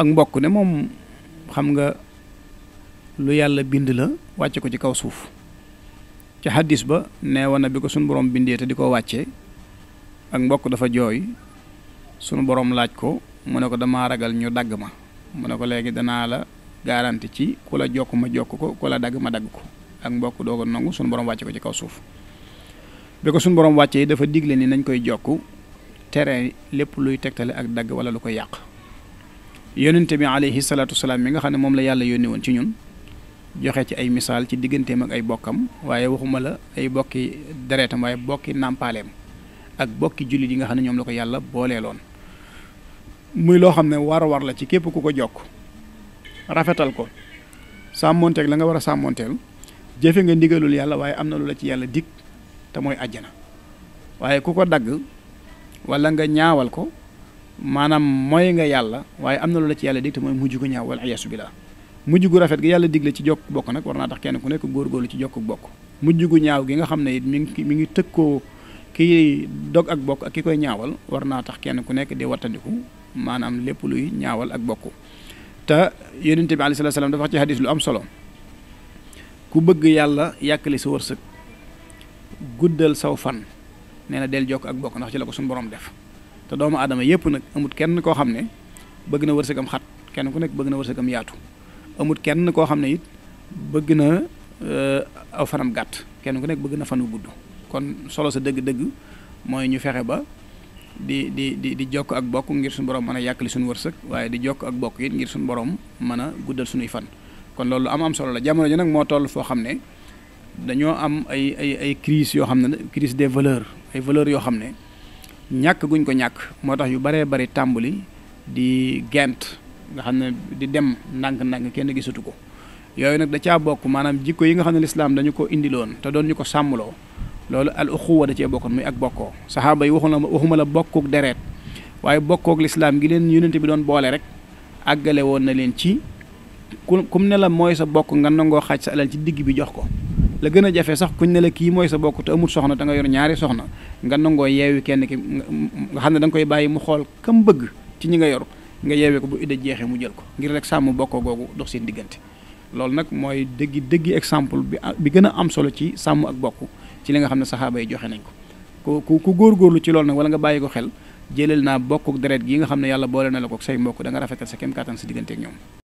ak mbokk ne moom xam nga lu yàlla bind la wàcce ko ci kaw suuf ci xaddis ba nee woon na bi ko sunu borom bindee te di ko wàcce ak mbokk dafa jooy sunu borom laaj ko mu ne ko damaa ragal ñu dagg ma mu ne ko léegi danaa la garanti ci ku la jokk ma jokk ko ku la dagg ma dagg ko ak mbokk doo ko nangu sunu borom wàcce ko ci kaw suuf bi ko sunu borom wàccee dafa digle ni nañ koy jokk tere lépp luy tegtale ak dagg wala lu koy yàq. yonente bi alayhi salaatu salaam mi nga xam ne moom la yàlla yónni woon ci ñun joxe ci ay misaal ci digganteem ak ay bokkam waaye waxuma la ay bokki deretam waaye bokki nàmpaaleem ak bokki jullit yi nga xam ne ñoom la ko yàlla boole loon muy loo xam ne war a war la ci képp ku ko jokk rafetal ko sàmmonteeg la nga war a sàmmonteel jëfe nga ndigalul yàlla waaye am na lu la ci yàlla dikk te mooy àjjana waaye ku ko dagg wala nga ñaawal ko maanaam mooy nga yàlla waaye am na lu ci yàlla dig te mooy mujj gu ñaaw wala ayasu billah mujj gu rafet gi yàlla digle ci jokk bokk nag war naa tax kenn ku nekk góorgóorlu ci jokk bokk mujj gu ñaaw gi nga xam ne it mi ngi mi ngi tëkkoo kii dog ak bokk ak koy ñaawal war naa tax kenn ku nekk di wattandiku maanaam lépp luy ñaawal ak bokk te yonente bi alayhi salaam dafa wax ci hadis lu am solo ku bëgg yàlla yàkkali sa wërsëg guddal saw fan nee na del jokk ak bokk ndax ci la ko suñu borom def te doomu aadama yëpp nag amut kenn koo xam ne bëgg na am xat kenn ku nekk bëgg na wërsëgam yaatu amut kenn koo xam ne bëgg na euh, aw fanam gàtt kenn ku nekk bëgg na fanu gudd kon solo sa dëgg-dëgg mooy ñu fexe ba di di di di jokk ak bokk ngir suñu borom mën a yàkkali suñu wërsëg waaye di jokk ak bokk it ngir suñu borom mën a guddal suñuy fan kon loolu am am solo la jamono ji nag moo toll foo xam ne dañoo am ay ay ay crise yoo xam ne crise des valeurs ay valeurs yoo xam ne ñàkk guñ ko ñàkk moo tax yu baree bari tàmbali di gent nga xam ne di dem ndànk-ndànk kenn gisatu ko yooyu nag da caa bokk maanaam jikko yi nga xam ne lislaam dañu ko indiloon te doon ñu ko sàmmloo loolu al uxuwa da cee bokkoon muy ak bokkoo saxaaba yi waxuma la waxuma la bokkuk dereet waaye bokkook lislaam gi leen yonent bi doon boole rek àggale woon na leen ci ku kum ne la mooy sa bokk nga nangoo xaaj sa alal ci digg bi jox ko la gën a jafe sax kuñ ne la kii mooy sa bokk te amul soxna te nga yor ñaari soxna nga nangoo yeewi kenn ki nga xam ne danga koy bàyyi mu xool kam bëgg ci ñi nga yor nga yeewee ko bu idda jeexee mu jël ko ngir rek sàmm bokkoo googu dox seen diggante loolu nag mooy dëggi dëggi exemple bi bi gën am solo ci sàmm ak bokk ci li nga xam ne saxaaba yi joxe nañ ko ku ku góorgóorlu ci loolu nag wala nga bàyyi ko xel jëlal naa bokk deret gi nga xam ne yàlla boole na la ko say mbokk da nga rafetal sa kem kàttan sa diggante ñoom